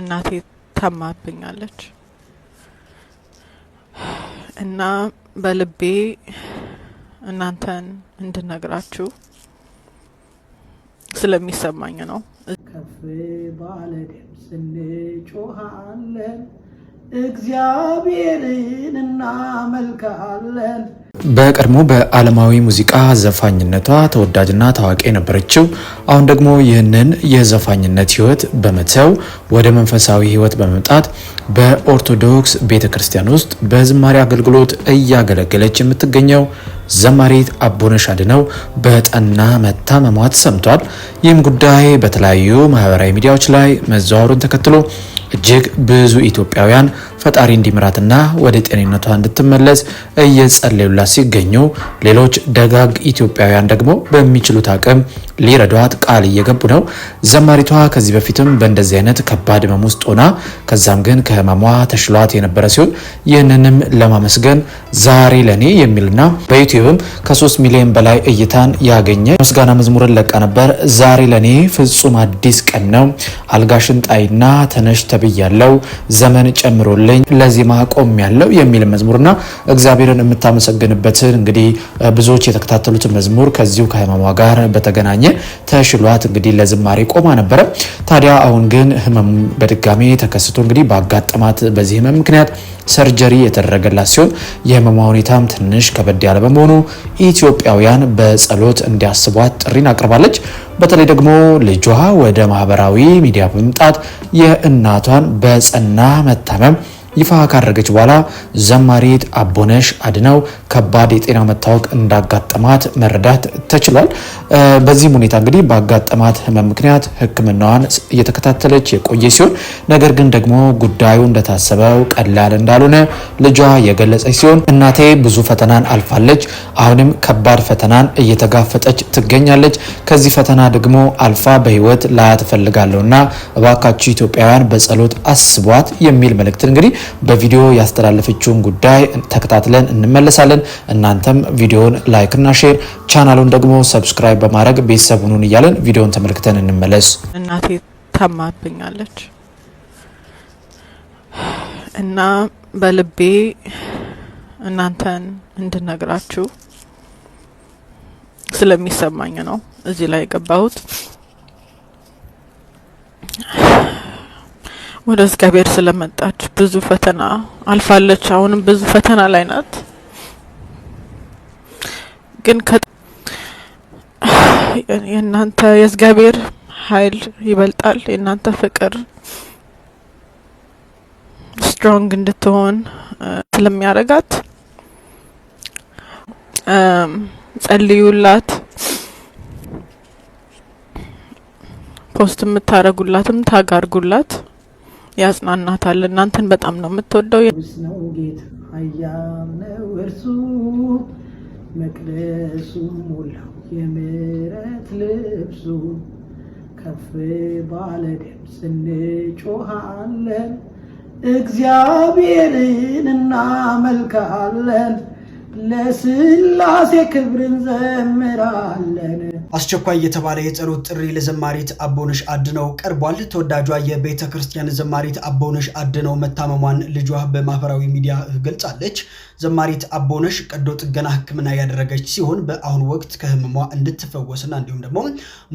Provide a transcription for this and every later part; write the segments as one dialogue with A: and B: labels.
A: እናቴ ታማብኛለች እና በልቤ እናንተን እንድነግራችሁ ስለሚሰማኝ ነው። ከፍ ባለ ድምፅ እንጮሃለን፣
B: እግዚአብሔርን እናመልካለን። በቀድሞ በዓለማዊ ሙዚቃ ዘፋኝነቷ ተወዳጅና ታዋቂ የነበረችው አሁን ደግሞ ይህንን የዘፋኝነት ህይወት በመተው ወደ መንፈሳዊ ህይወት በመምጣት በኦርቶዶክስ ቤተ ክርስቲያን ውስጥ በዝማሬ አገልግሎት እያገለገለች የምትገኘው ዘማሪት አቦነሽ አድነው በጠና መታመሟ ተሰምቷል። ይህም ጉዳይ በተለያዩ ማህበራዊ ሚዲያዎች ላይ መዘዋወሩን ተከትሎ እጅግ ብዙ ኢትዮጵያውያን ፈጣሪ እንዲምራትና ወደ ጤንነቷ እንድትመለስ እየጸለዩላት ሲገኙ ሌሎች ደጋግ ኢትዮጵያውያን ደግሞ በሚችሉት አቅም ሊረዷት ቃል እየገቡ ነው። ዘማሪቷ ከዚህ በፊትም በእንደዚህ አይነት ከባድ ህመም ውስጥ ሆና ከዛም ግን ከህመሟ ተሽሏት የነበረ ሲሆን ይህንንም ለማመስገን ዛሬ ለእኔ የሚልና በዩቲዩብም ከ3 ሚሊዮን በላይ እይታን ያገኘ ምስጋና መዝሙርን ለቃ ነበር። ዛሬ ለእኔ ፍጹም አዲስ ቀን ነው። አልጋሽን ጣይና ተነሽ ተብያለው። ዘመን ጨምሮልኝ ስትሰጠኝ ለዜማ ቆም ያለው የሚል መዝሙርና እግዚአብሔርን የምታመሰግንበትን እንግዲህ ብዙዎች የተከታተሉትን መዝሙር ከዚሁ ከህመሟ ጋር በተገናኘ ተሽሏት እንግዲህ ለዝማሬ ቆማ ነበረ። ታዲያ አሁን ግን ህመም በድጋሜ ተከስቶ እንግዲህ በአጋጠማት በዚህ ህመም ምክንያት ሰርጀሪ የተደረገላት ሲሆን የህመሟ ሁኔታም ትንሽ ከበድ ያለ በመሆኑ ኢትዮጵያውያን በጸሎት እንዲያስቧት ጥሪን አቅርባለች። በተለይ ደግሞ ልጇ ወደ ማህበራዊ ሚዲያ በመምጣት የእናቷን በጸና መታመም ይፋ ካደረገች በኋላ ዘማሪት አቦነሽ አድነው ከባድ የጤና መታወቅ እንዳጋጠማት መረዳት ተችሏል። በዚህም ሁኔታ እንግዲህ ባጋጠማት ህመም ምክንያት ሕክምናዋን እየተከታተለች የቆየ ሲሆን ነገር ግን ደግሞ ጉዳዩ እንደታሰበው ቀላል እንዳልሆነ ልጇ የገለጸች ሲሆን እናቴ ብዙ ፈተናን አልፋለች፣ አሁንም ከባድ ፈተናን እየተጋፈጠች ትገኛለች። ከዚህ ፈተና ደግሞ አልፋ በህይወት ላያት እፈልጋለሁና እባካችሁ ኢትዮጵያውያን በጸሎት አስቧት የሚል መልእክትን እንግዲህ በቪዲዮ ያስተላለፈችውን ጉዳይ ተከታትለን እንመለሳለን። እናንተም ቪዲዮን እና ሼር ቻናሉን ደግሞ ሰብስክራይብ በማድረግ ቤተሰብ ሁኑን እያለን ቪዲዮን ተመልክተን እንመለስ።
A: እናቴ ታማብኛለች እና በልቤ እናንተን እንድነግራችሁ ስለሚሰማኝ ነው እዚህ ላይ የገባሁት። ወደ እግዚአብሔር ስለመጣች ብዙ ፈተና አልፋለች። አሁንም ብዙ ፈተና ላይ ናት። ግን የእናንተ የእግዚአብሔር ኃይል ይበልጣል። የእናንተ ፍቅር ስትሮንግ እንድትሆን ስለሚያደርጋት ጸልዩላት። ፖስት የምታደርጉላትም ታጋርጉላት። ያጽናናታል። እናንተን በጣም ነው የምትወደው። ሀያም ነው እርሱ መቅደሱ ሞላው የምሕረት ልብሱ ከፍ ባለ ድምፅ
B: እንጮሃለን እግዚአብሔርን እናመልካለን ለስላሴ ክብርን ዘምራለን። አስቸኳይ የተባለ የጸሎት ጥሪ ለዘማሪት አቦነሽ አድነው ቀርቧል። ተወዳጇ የቤተ ክርስቲያን ዘማሪት አቦነሽ አድነው መታመሟን ልጇ በማህበራዊ ሚዲያ ገልጻለች። ዘማሪት አቦነሽ ቀዶ ጥገና ሕክምና ያደረገች ሲሆን በአሁኑ ወቅት ከህመሟ እንድትፈወስና እንዲሁም ደግሞ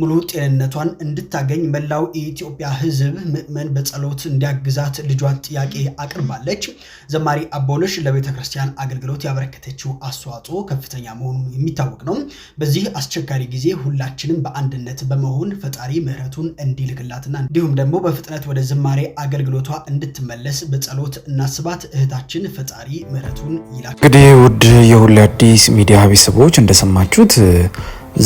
B: ሙሉ ጤንነቷን እንድታገኝ መላው የኢትዮጵያ ሕዝብ ምዕመን በጸሎት እንዲያግዛት ልጇን ጥያቄ አቅርባለች። ዘማሪ አቦነሽ ለቤተ ክርስቲያን አገልግሎት ያበረከተችው አስተዋጽኦ ከፍተኛ መሆኑ የሚታወቅ ነው። በዚህ አስቸጋሪ ጊዜ ሁላችንም በአንድነት በመሆን ፈጣሪ ምሕረቱን እንዲልክላትና እንዲሁም ደግሞ በፍጥነት ወደ ዝማሬ አገልግሎቷ እንድትመለስ በጸሎት እናስባት። እህታችን ፈጣሪ ምሕረቱን ይላል። እንግዲህ ውድ የሁሉ አዲስ ሚዲያ ቤተሰቦች እንደሰማችሁት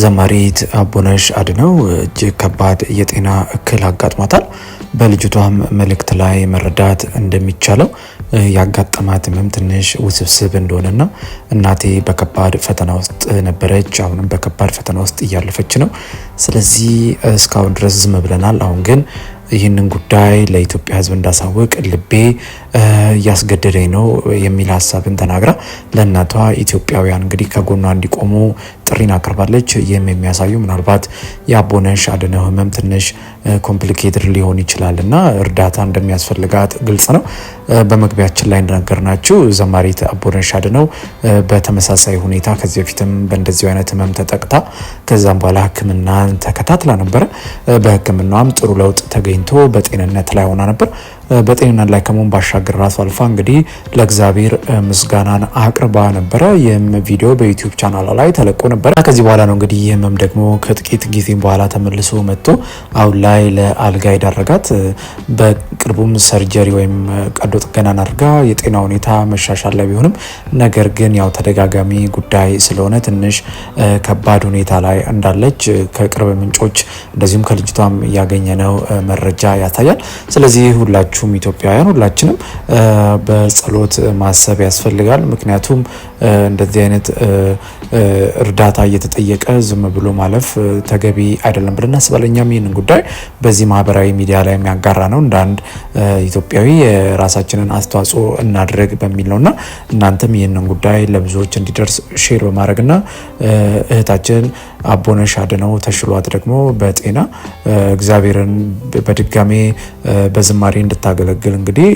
B: ዘማሪት አቦነሽ አድነው እጅግ ከባድ የጤና እክል አጋጥሟታል። በልጅቷም መልእክት ላይ መረዳት እንደሚቻለው ያጋጠማት ህመም ትንሽ ውስብስብ እንደሆነና እናቴ በከባድ ፈተና ውስጥ ነበረች፣ አሁንም በከባድ ፈተና ውስጥ እያለፈች ነው። ስለዚህ እስካሁን ድረስ ዝም ብለናል። አሁን ግን ይህንን ጉዳይ ለኢትዮጵያ ሕዝብ እንዳሳውቅ ልቤ እያስገደደኝ ነው የሚል ሀሳብን ተናግራ ለእናቷ ኢትዮጵያውያን እንግዲህ ከጎኗ እንዲቆሙ ጥሪን አቅርባለች። ይህም የሚያሳዩ ምናልባት የአቦነሽ አድነው ህመም ትንሽ ኮምፕሊኬትድ ሊሆን ይችላል እና እርዳታ እንደሚያስፈልጋት ግልጽ ነው። በመግቢያችን ላይ እንደነገርናችሁ ዘማሪት አቦነሽ አድነው በተመሳሳይ ሁኔታ ከዚህ በፊትም በእንደዚሁ አይነት ህመም ተጠቅታ ከዛም በኋላ ህክምናን ተከታትላ ነበረ። በህክምናም ጥሩ ለውጥ ተገኝቶ በጤንነት ላይ ሆና ነበር። በጤንነት ላይ ከመሆን ባሻገር ራሱ አልፋ እንግዲህ ለእግዚአብሔር ምስጋናን አቅርባ ነበረ። ይህም ቪዲዮ በዩቲዩብ ቻናል ላይ ተለቆ ነበረ። ከዚህ በኋላ ነው እንግዲህ ይህምም ደግሞ ከጥቂት ጊዜ በኋላ ተመልሶ መጥቶ አሁን ላይ ለአልጋ ይዳረጋት። በቅርቡም ሰርጀሪ ወይም ቀዶ ጥገናን አድርጋ የጤና ሁኔታ መሻሻል ላይ ቢሆንም ነገር ግን ያው ተደጋጋሚ ጉዳይ ስለሆነ ትንሽ ከባድ ሁኔታ ላይ እንዳለች ከቅርብ ምንጮች እንደዚሁም ከልጅቷም ያገኘነው መረጃ ያሳያል። ስለዚህ ሁላችሁ ሁላችሁም ኢትዮጵያውያን ሁላችንም በጸሎት ማሰብ ያስፈልጋል። ምክንያቱም እንደዚህ አይነት እርዳታ እየተጠየቀ ዝም ብሎ ማለፍ ተገቢ አይደለም ብለን እናስባለን። እኛም ይህንን ጉዳይ በዚህ ማህበራዊ ሚዲያ ላይ የሚያጋራ ነው እንደ አንድ ኢትዮጵያዊ የራሳችንን አስተዋጽኦ እናድርግ በሚል እና እናንተም ይህንን ጉዳይ ለብዙዎች እንዲደርስ ሼር በማድረግና እህታችን አቦነሽ አድነው ተሽሏት ደግሞ በጤና እግዚአብሔርን በድጋሜ በዝማሬ እንድታገለግል እንግዲህ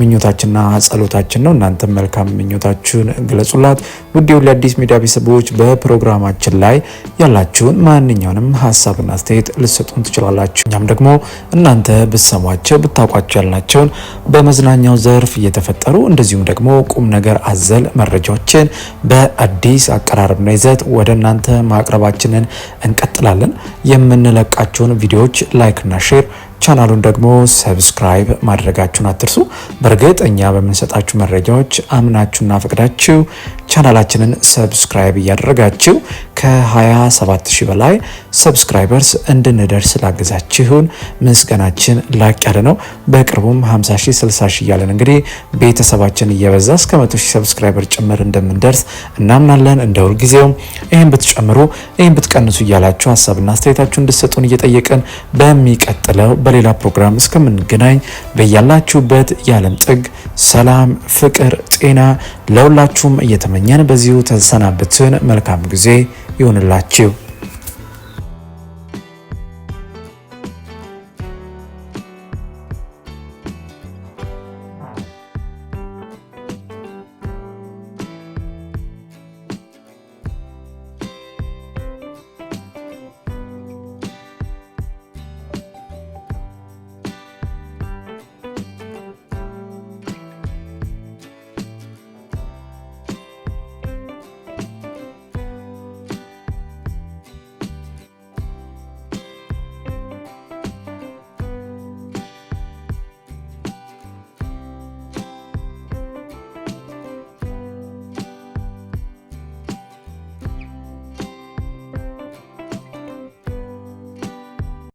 B: ምኞታችንና ጸሎታችን ነው። እናንተም መልካም ምኞታችሁን ግለጹላት። ውድ የሁሉ አዲስ ሚዲያ ቤተሰቦች በፕሮግራማችን ላይ ያላችሁን ማንኛውንም ሀሳብና አስተያየት ልሰጡን ትችላላችሁ። እኛም ደግሞ እናንተ ብትሰሟቸው ብታውቋቸው ያልናቸውን በመዝናኛው ዘርፍ እየተፈጠሩ እንደዚሁም ደግሞ ቁም ነገር አዘል መረጃዎችን በአዲስ አቀራረብና ይዘት ወደ እናንተ ማቅረባችንን እንቀጥላለን። የምንለቃቸውን ቪዲዮዎች ላይክና ሼር ቻናሉን ደግሞ ሰብስክራይብ ማድረጋችሁን አትርሱ። በእርግጥ እኛ በምንሰጣችሁ መረጃዎች አምናችሁና ፈቅዳችሁ ቻናላችንን ሰብስክራይብ እያደረጋችሁ ከ27000 በላይ ሰብስክራይበርስ እንድንደርስ ላገዛችሁን ምስጋናችን ላቅ ያለ ነው። በቅርቡም 50ሺ 60ሺ እያለን እንግዲህ ቤተሰባችን እየበዛ እስከ 100 ሰብስክራይበር ጭምር እንደምንደርስ እናምናለን። እንደ ሁልጊዜውም ይህን ብትጨምሩ፣ ይህን ብትቀንሱ እያላችሁ ሀሳብና አስተያየታችሁ እንድሰጡን እየጠየቅን በሚቀጥለው በሌላ ፕሮግራም እስከምንገናኝ በያላችሁበት የዓለም ጥግ ሰላም፣ ፍቅር፣ ጤና ለሁላችሁም እየተመኘን በዚሁ ተሰናበትን። መልካም ጊዜ ይሁንላችሁ።